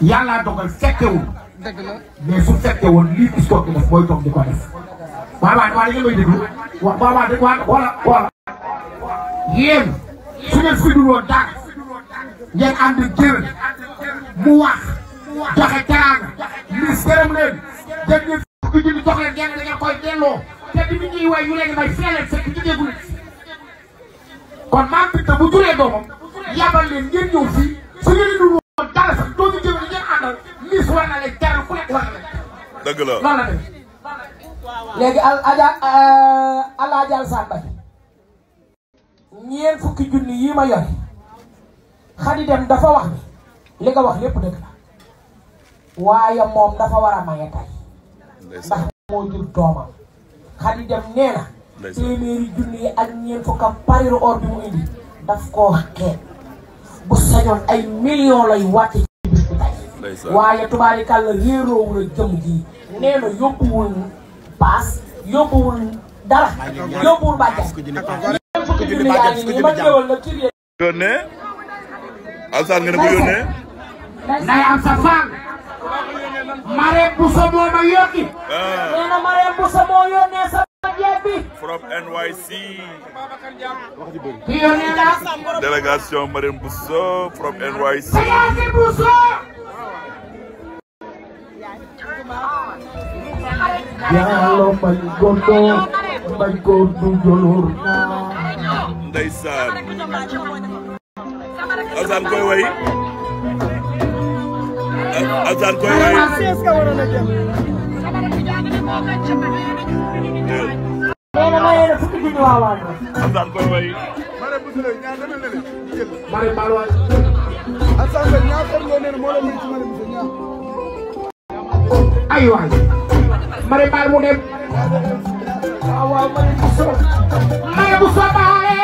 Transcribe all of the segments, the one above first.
yàllaa dogal fekkewul mais su fekkewoon lii gis ko def mooy toog di ko def. baabaa waa dañu waa wala wala. yéen su ngeen fi duloo dara ngeen ànd jër mu wax joxe teraanga ministère leen dem ngeen ngeen da ngeen koy delloo bi ñu ñuy way yu leen may leen fekk jigéegul kon maam Binta bu juree doomam yabal leen ngeen ñëw fii su àndal Miss war na al Adja euh, Alaaji Alsaan Mbay ñeent fukki junni yii ma yore Xadi Dem dafa wax ni li nga wax lépp dëgg la waaye moom dafa war a maye tay ndax moo jur doomam Xadi Dem nee téeméeri junni yi ak ñeent fukkam pariru or mu indi daf koo xeet bu sañoon ay million lay wàcce waaye tubaarikàlla réeroowul ak jëm ji nee yóbbuwul paas yóbbuwul dara yóbbuwul bàjjal fukki junni yaa ngi nii ma ñëwal la kii yónnee alsaan nga ne mu yónnee nay am sa faal Marème Bousso moo ma yónni ah. nee na Marème from NYC. délégation Marème yàlla bañ ko doon bañ ko du joloor ndeysaan azan koy way azan koy way azan koy way mare balwa azan koy ñaar ko ngone mo la mi ci mare bu ñaar ay waay mare mbaar mu dem mare bu soo baare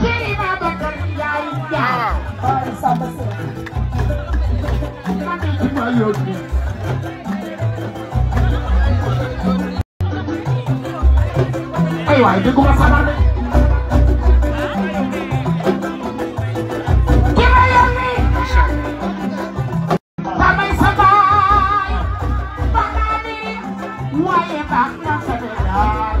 ceri Babacar Njaay Njaay mare ci ma yóbbu ay waay dégguma sabar de waaye baax na ko de daal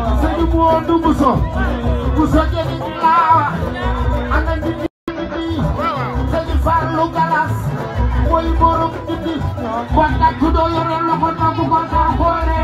du buwoon du buso buso jëli di laawa ana ndindi ndindi Galas mooy borom ndindi kon ku doo loxo na bu ko saa xoolee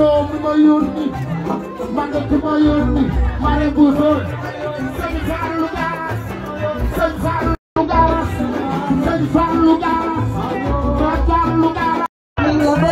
doom bi ma yónni màggal bi ma yónni Marème Bousso sëñ Fallou Garas sëñ Fallou Garas sëñ Fallou Garas sëñ Fallou Garas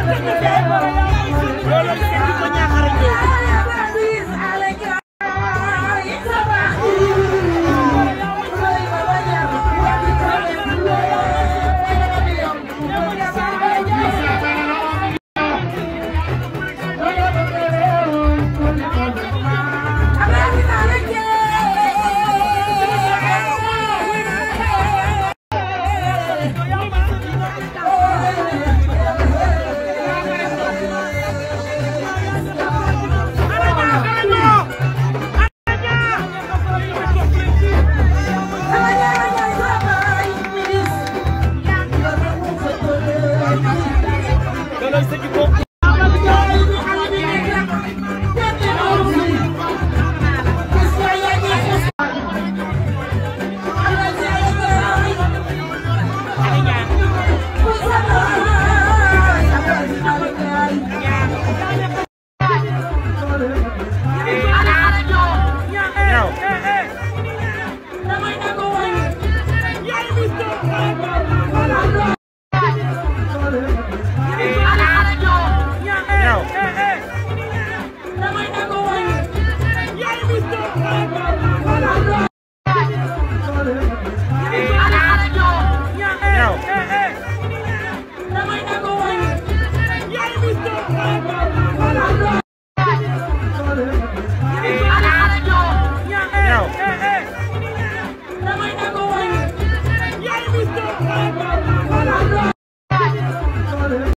loolu